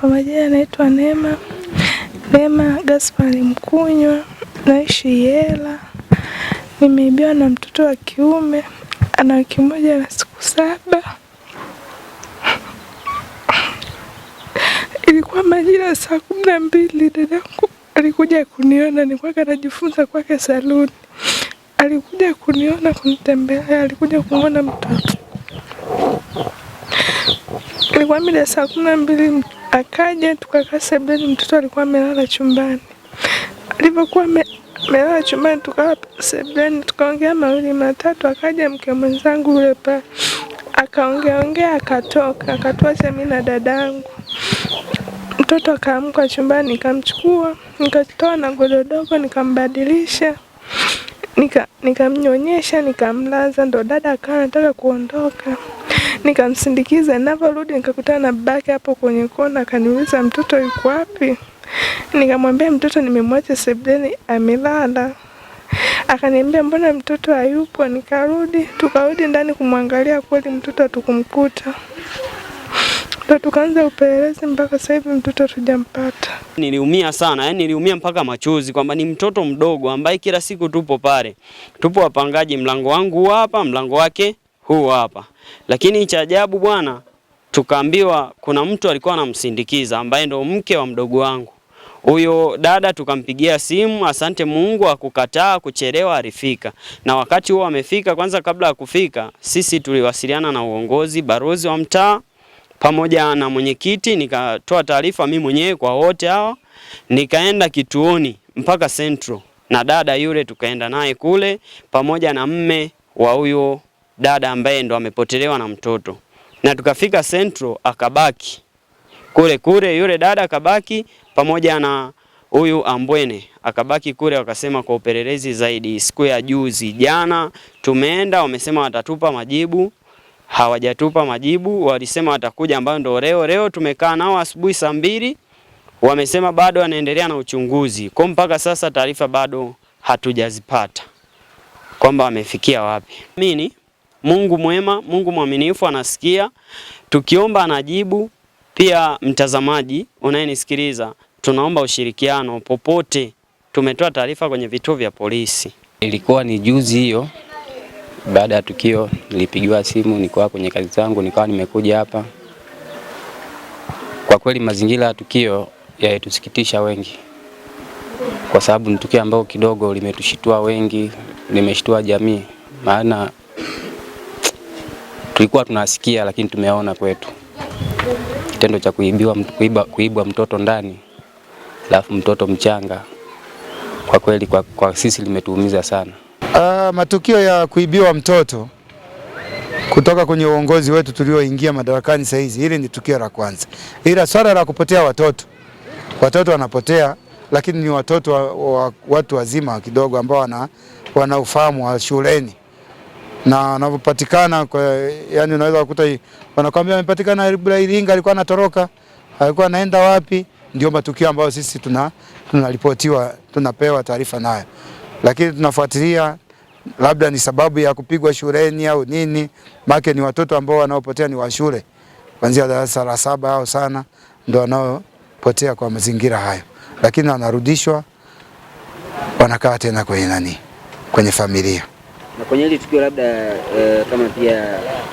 Kwa majina naitwa Neema Neema Gaspari Mkunywa, naishi Yela. Nimeibiwa na mtoto wa kiume, ana wiki moja na siku saba. Ilikuwa majira ya saa kumi na mbili dadangu alikuja kuniona, nilikuwa anajifunza kwake saluni. Alikuja kuniona kunitembelea, alikuja kumwona mtoto. Ilikuwa mida saa kumi na mbili akaja tukakaa sebuleni, mtoto alikuwa amelala chumbani. Alivyokuwa amelala chumbani, tukawa sebuleni tukaongea mawili matatu, akaja mke mwenzangu yule pale akaongeaongea akatoka, akatuacha mimi na dadangu. Mtoto akaamka chumbani, nikamchukua nikatoa na gododogo nikambadilisha nikamnyonyesha nika nikamlaza, ndo dada akawa anataka kuondoka nikamsindikiza. Ninaporudi nikakutana na babake hapo kwenye kona, akaniuliza mtoto yuko wapi? Nikamwambia mtoto nimemwacha sebuleni amelala. Akaniambia mbona mtoto hayupo? Nikarudi, tukarudi ndani kumwangalia, kweli mtoto hatukumkuta. Ndo tukaanza upelelezi, mpaka sasa hivi mtoto hatujampata. Niliumia sana, yani niliumia mpaka machozi, kwamba ni mtoto mdogo ambaye kila siku tupo pale, tupo wapangaji, mlango wangu huu hapa, mlango wake huu hapa. Lakini cha ajabu bwana, tukaambiwa kuna mtu alikuwa anamsindikiza ambaye ndo mke wa mdogo wangu huyo dada tukampigia simu, asante Mungu akukataa kuchelewa, alifika na wakati huo amefika. Kwanza kabla ya kufika, sisi tuliwasiliana na uongozi, barozi wa mtaa pamoja na mwenyekiti, nikatoa taarifa mimi mwenyewe kwa wote hawa, nikaenda kituoni mpaka Central na dada yule, tukaenda naye kule pamoja na mme wa huyo dada ambaye ndo amepotelewa na mtoto, na tukafika Central akabaki kule kule, yule dada akabaki pamoja na huyu Ambwene akabaki kule. Wakasema kwa upelelezi zaidi, siku ya juzi jana tumeenda, wamesema watatupa majibu, hawajatupa majibu. Walisema watakuja, ambayo ndo leo leo tumekaa nao asubuhi saa mbili, wamesema bado wanaendelea na uchunguzi. Kwa mpaka sasa taarifa bado hatujazipata kwamba wamefikia wapi. Mimi Mungu mwema, Mungu mwaminifu anasikia, tukiomba anajibu. Pia mtazamaji unayenisikiliza, tunaomba ushirikiano popote. Tumetoa taarifa kwenye vituo vya polisi. Ilikuwa ni juzi hiyo, baada ya tukio nilipigiwa simu, nilikuwa kwenye kazi zangu, nikawa nimekuja hapa. Kwa kweli mazingira ya tukio yalitusikitisha wengi, kwa sababu ni tukio ambalo kidogo limetushitua wengi, limeshitua jamii, maana tulikuwa tunasikia, lakini tumeona kwetu kitendo cha kuibiwa, kuiba, kuibwa mtoto ndani, alafu mtoto mchanga, kwa kweli kwa, kwa sisi limetuumiza sana. Uh, matukio ya kuibiwa mtoto kutoka kwenye uongozi wetu tulioingia madarakani sasa, hizi hili ni tukio la kwanza, ila swala la kupotea watoto, watoto wanapotea, lakini ni watoto wa, wa, watu wazima kidogo ambao wana, wana ufahamu wa shuleni na anapopatikana kwa yani, unaweza kukuta wanakwambia amepatikana Iringa, alikuwa anatoroka, alikuwa anaenda wapi? Ndio matukio ambayo sisi tuna tunaripotiwa tunapewa taarifa nayo, lakini tunafuatilia labda ni sababu ya kupigwa shuleni au nini, make ni watoto ambao wanaopotea ni wa shule kuanzia darasa la saba au sana ndio wanaopotea kwa mazingira hayo, lakini wanarudishwa wanakaa tena kwenye nani, kwenye familia. Na kwenye hili tukio labda e, kama pia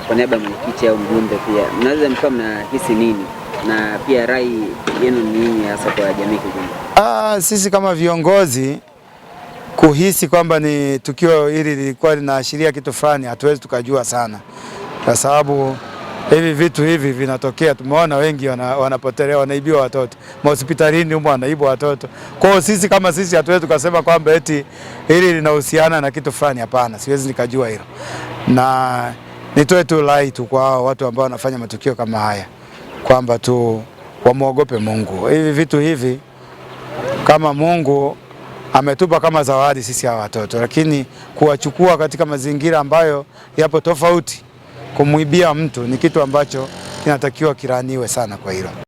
kwa niaba ya mwenyekiti au mjumbe pia mnaweza mkawa mnahisi nini na pia rai yenu ni nini hasa kwa jamii kijumla? Ah, sisi kama viongozi kuhisi kwamba ni tukio hili lilikuwa linaashiria kitu fulani, hatuwezi tukajua sana kwa sababu hivi vitu hivi vinatokea. Tumeona wengi wanapotelea, wanaibiwa watoto mahospitalini humo, wanaibwa watoto. Kwa hiyo sisi kama sisi hatuwezi tukasema kwamba eti hili linahusiana na kitu fulani, hapana, siwezi nikajua hilo, na nitoe tu rai tu kwa watu ambao wanafanya matukio kama haya kwamba tu wamwogope Mungu. Hivi vitu hivi kama Mungu ametupa kama zawadi sisi hawa watoto, lakini kuwachukua katika mazingira ambayo yapo tofauti kumwibia mtu ni kitu ambacho kinatakiwa kiraniwe sana kwa hilo.